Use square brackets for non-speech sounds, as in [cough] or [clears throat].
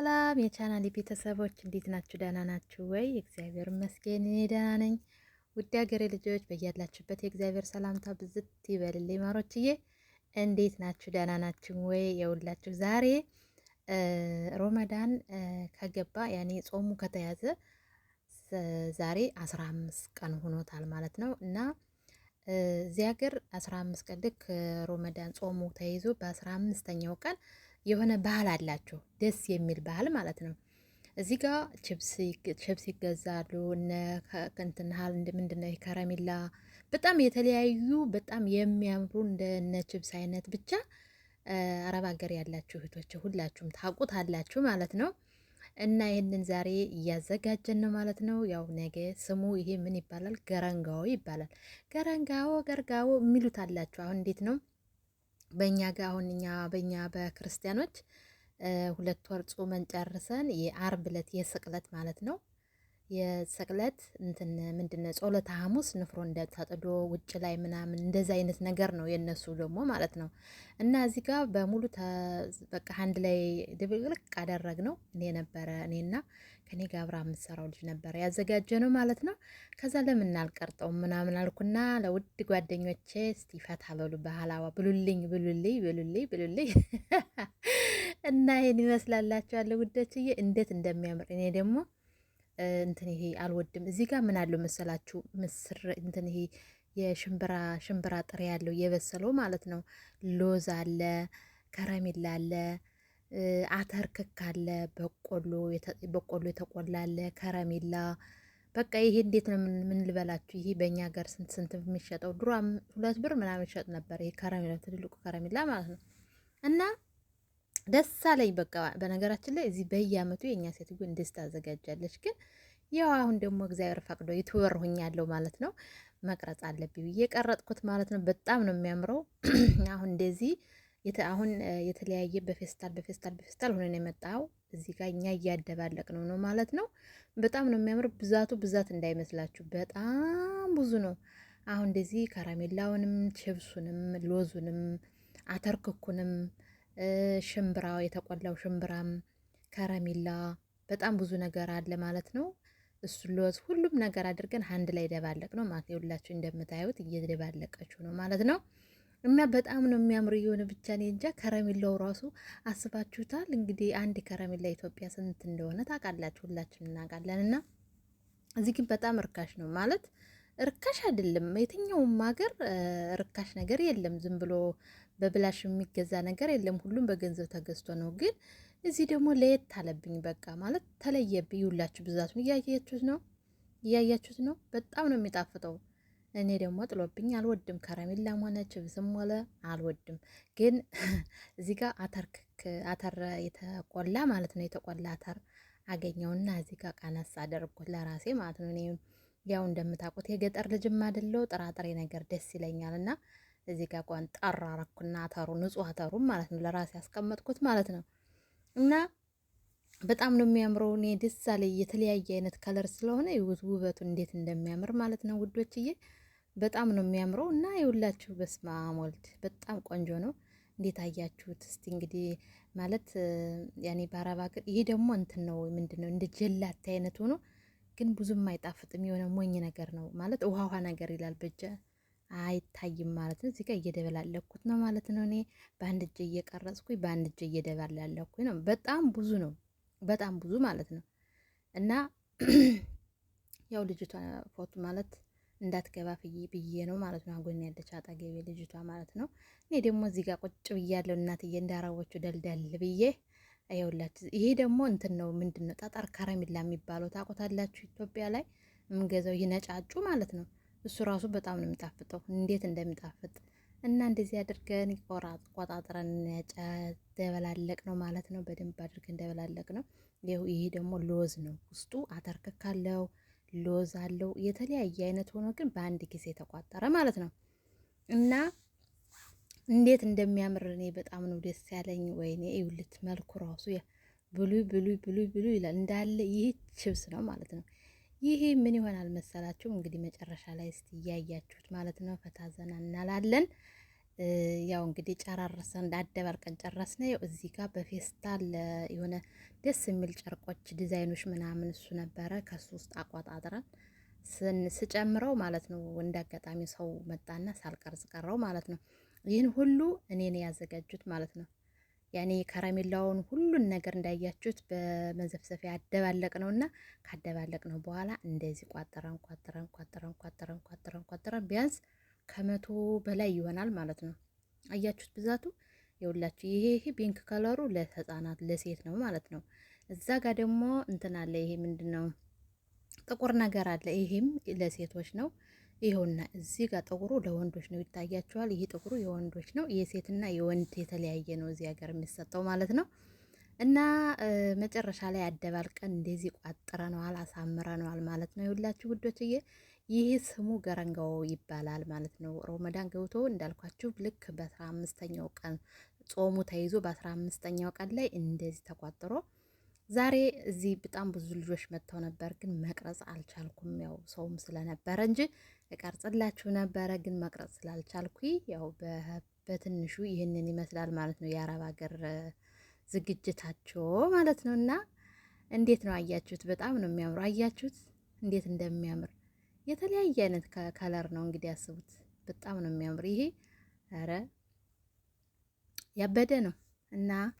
ሰላም የቻናል ቤተሰቦች እንዴት ናችሁ? ደህና ናችሁ ወይ? እግዚአብሔር ይመስገን እኔ ደህና ነኝ። ውድ ሀገሬ ልጆች በያላችሁበት የእግዚአብሔር ሰላምታ ብዝት ይበልልኝ። ማሮችዬ እንዴት ናችሁ? ደህና ናችሁ ወይ? የውላችሁ ዛሬ ሮመዳን ከገባ ያኔ ጾሙ ከተያዘ ዛሬ አስራ አምስት ቀን ሆኖታል ማለት ነው እና እዚህ ሀገር አስራ አምስት ቀን ልክ ሮመዳን ጾሙ ተይዞ በአስራ አምስተኛው ቀን የሆነ ባህል አላቸው፣ ደስ የሚል ባህል ማለት ነው። እዚህ ጋ ችፕስ ይገዛሉ። እነ እንትን ከረሜላ፣ በጣም የተለያዩ በጣም የሚያምሩ እንደነ ችፕስ አይነት ብቻ አረብ ሀገር ያላችሁ እህቶች ሁላችሁም ታውቁት አላችሁ ማለት ነው። እና ይህንን ዛሬ እያዘጋጀን ነው ማለት ነው። ያው ነገ ስሙ ይሄ ምን ይባላል? ገረንጋዎ ይባላል። ገረንጋዎ ገርጋዎ የሚሉት አላችሁ። አሁን እንዴት ነው በእኛ ጋር አሁን እኛ በእኛ በክርስቲያኖች ሁለት ወር ጾመን ጨርሰን የአርብ ዕለት የስቅለት ማለት ነው የሰቅለት እንትን ምንድነ ጸሎተ ሐሙስ ንፍሮ እንደታጥዶ ውጭ ላይ ምናምን እንደዚ አይነት ነገር ነው የነሱ ደግሞ ማለት ነው። እና እዚህ ጋር በሙሉ በቃ አንድ ላይ ድብልቅልቅ አደረግ ነው። እኔ ነበረ እኔና ከኔ ጋር አብራ የምትሰራው ልጅ ነበረ ያዘጋጀ ነው ማለት ነው። ከዛ ለምን አልቀርጠው ምናምን አልኩና ለውድ ጓደኞቼ እስቲ ፈታ በሉ ባህላዋ ብሉልኝ ብሉልኝ ብሉልኝ ብሉልኝ [laughs] እና ይህን ይመስላላቸዋለ ውዶችዬ እንዴት እንደሚያምር እኔ ደግሞ እንትን ይሄ አልወድም። እዚህ ጋር ምን አለው መሰላችሁ? ምስር እንትን ይሄ የሽምብራ ሽምብራ ጥሬ ያለው የበሰለው ማለት ነው። ሎዝ አለ፣ ከረሜላ አለ፣ አተር ክክ አለ፣ በቆሎ በቆሎ የተቆላ አለ፣ ከረሜላ በቃ ይሄ እንዴት ነው? ምን ልበላችሁ? ይሄ በእኛ ሀገር ስንት ስንት የሚሸጠው ድሮ ሁለት ብር ምናምን ይሸጥ ነበር። ይሄ ከረሜላ ትልልቁ ከረሜላ ማለት ነው እና ደስ አለኝ። በቃ በነገራችን ላይ እዚህ በየአመቱ የእኛ ሴትዮ እንደዚህ ታዘጋጃለች። ግን ያው አሁን ደግሞ እግዚአብሔር ፈቅዶ ዩቱበር ሆኛለሁ ማለት ነው። መቅረጽ አለብኝ ብዬ ቀረጥኩት ማለት ነው። በጣም ነው የሚያምረው። [clears throat] አሁን እንደዚህ አሁን የተለያየ በፌስታል በፌስታል በፌስታል ሆነን የመጣው እዚህ ጋር እኛ እያደባለቅ ነው ነው ማለት ነው። በጣም ነው የሚያምር። ብዛቱ ብዛት እንዳይመስላችሁ በጣም ብዙ ነው። አሁን እንደዚህ ከረሜላውንም፣ ችብሱንም፣ ሎዙንም፣ አተርክኩንም ሽምብራ፣ የተቆላው ሽምብራም፣ ከረሜላ በጣም ብዙ ነገር አለ ማለት ነው። እሱ ለወዝ ሁሉም ነገር አድርገን አንድ ላይ ደባለቅ ነው ማለት ሁላችሁ እንደምታዩት እየደባለቀችው ነው ማለት ነው። እና በጣም ነው የሚያምር የሆነ ብቻ እኔ እንጃ። ከረሜላው ራሱ አስባችሁታል እንግዲህ አንድ ከረሜላ ኢትዮጵያ ስንት እንደሆነ ታውቃላችሁ፣ ሁላችን እናውቃለን። እና እዚህ ግን በጣም እርካሽ ነው ማለት እርካሽ አይደለም። የትኛውም ሀገር ርካሽ ነገር የለም። ዝም ብሎ በብላሽ የሚገዛ ነገር የለም። ሁሉም በገንዘብ ተገዝቶ ነው። ግን እዚህ ደግሞ ለየት አለብኝ። በቃ ማለት ተለየብኝ። ይውላችሁ ብዛቱን እያያችሁት ነው እያያችሁት ነው። በጣም ነው የሚጣፍጠው። እኔ ደግሞ ጥሎብኝ አልወድም። ከረሜላም ሆነ ችብስም ሆነ አልወድም። ግን [laughs] እዚህ ጋር አተር አተር የተቆላ ማለት ነው የተቆላ አተር አገኘውና እዚህ ጋር ቀነስ አደረግኩት ለራሴ ማለት ነው። እኔ ያው እንደምታውቁት የገጠር ልጅም አይደለሁ ጥራጥሬ ነገር ደስ ይለኛል እና እዚህ ጋር ቋን ጠራ አረኩና አተሩ ንጹህ አተሩም ማለት ነው ለራሴ ያስቀመጥኩት ማለት ነው። እና በጣም ነው የሚያምረው። እኔ ደስ አለኝ። የተለያየ አይነት ከለር ስለሆነ ውበቱ እንዴት እንደሚያምር ማለት ነው ውዶችዬ በጣም ነው የሚያምረው እና ይውላችሁ በስመ አብ ወልድ በጣም ቆንጆ ነው። እንዴት አያችሁት? እስቲ እንግዲህ ማለት ያኔ በአረብ ሀገር ይሄ ደግሞ እንትን ነው ምንድን ነው እንደ ጀላት አይነት ሆኖ ግን ብዙም አይጣፍጥም። የሆነ ሞኝ ነገር ነው ማለት ውሃ ውሃ ነገር ይላል በጀ አይታይም ማለት ነው። እዚህ ጋር እየደበላለኩት ነው ማለት ነው። እኔ በአንድ እጅ እየቀረጽኩኝ በአንድ እጅ እየደበላለኩኝ ነው። በጣም ብዙ ነው፣ በጣም ብዙ ማለት ነው። እና [clears throat] ያው ልጅቷ ፎቶ ማለት እንዳትገባ ብዬ ነው ማለት ነው። አጎን ያለች አጠገቤ ልጅቷ ማለት ነው። እኔ ደግሞ እዚህ ጋር ቁጭ ብያለሁ እናትዬ እንዳረቦቹ ደልደል ብዬ ይኸውላችሁ ይሄ ደግሞ እንትን ነው። ምንድን ነው ጠጠር ከረሚላ የሚባለው ታውቁታላችሁ? ኢትዮጵያ ላይ የምንገዛው ይነጫጩ ማለት ነው። እሱ ራሱ በጣም ነው የሚጣፍጠው፣ እንዴት እንደሚጣፍጥ እና እንደዚህ አድርገን ቆጣጥረን ደበላለቅ ነው ማለት ነው። በደንብ አድርገን ደበላለቅ ነው። ይሄ ደግሞ ሎዝ ነው፣ ውስጡ አተርክክ አለው፣ ሎዝ አለው፣ የተለያየ አይነት ሆኖ ግን በአንድ ጊዜ ተቋጠረ ማለት ነው እና እንዴት እንደሚያምር እኔ በጣም ነው ደስ ያለኝ። ወይኔ ይውልት መልኩ ራሱ ብሉይ ብሉይ ብሉይ ብሉይ ይላል እንዳለ። ይህ ችብስ ነው ማለት ነው። ይሄ ምን ይሆናል መሰላችሁ? እንግዲህ መጨረሻ ላይ እስቲ እያያችሁት ማለት ነው። ፈታ ዘና እናላለን። ያው እንግዲህ ጨራርሰን አደባርቀን ጨረስነ። ያው እዚህ ጋር በፌስታል የሆነ ደስ የሚል ጨርቆች ዲዛይኖች ምናምን እሱ ነበረ ከሱ ውስጥ አቋጣጥረን ስጨምረው ማለት ነው። እንደ አጋጣሚ ሰው መጣና ሳልቀርጽ ቀረው ማለት ነው። ይህን ሁሉ እኔን ያዘጋጁት ማለት ነው። ያኔ ከረሜላውን ሁሉን ነገር እንዳያችሁት በመዘፍዘፊያ አደባለቅ ነው እና ካደባለቅ ነው በኋላ እንደዚህ ቋጠረን ቋጠረን ቋጠረን ቋጠረን ቋጠረን ቋጠረን ቢያንስ ከመቶ በላይ ይሆናል ማለት ነው። አያችሁት ብዛቱ የሁላችሁ ይሄ ይሄ ፒንክ ከለሩ ለህፃናት ለሴት ነው ማለት ነው። እዛ ጋር ደግሞ እንትን አለ። ይሄ ምንድን ነው? ጥቁር ነገር አለ። ይሄም ለሴቶች ነው። ይኸውና እዚህ ጋር ጥቁሩ ለወንዶች ነው ይታያቸዋል። ይህ ጥቁሩ የወንዶች ነው። የሴትና የወንድ የተለያየ ነው እዚህ ሀገር የሚሰጠው ማለት ነው። እና መጨረሻ ላይ አደባልቀን እንደዚህ ቋጥረነዋል፣ አሳምረነዋል ማለት ነው። ይሁላችሁ ውዶችዬ፣ ይህ ስሙ ገረንጋው ይባላል ማለት ነው። ሮመዳን ገብቶ እንዳልኳችሁ ልክ በአስራ አምስተኛው ቀን ጾሙ ተይዞ በአስራ አምስተኛው ቀን ላይ እንደዚህ ተቋጥሮ ዛሬ እዚህ በጣም ብዙ ልጆች መጥተው ነበር፣ ግን መቅረጽ አልቻልኩም። ያው ሰውም ስለነበረ እንጂ እቀርጽላችሁ ነበረ፣ ግን መቅረጽ ስላልቻልኩ ያው በትንሹ ይህንን ይመስላል ማለት ነው የአረብ ሀገር ዝግጅታቸው ማለት ነው። እና እንዴት ነው አያችሁት? በጣም ነው የሚያምሩ። አያችሁት እንዴት እንደሚያምር የተለያየ አይነት ከለር ነው እንግዲህ ያስቡት። በጣም ነው የሚያምር። ይሄ ኧረ ያበደ ነው እና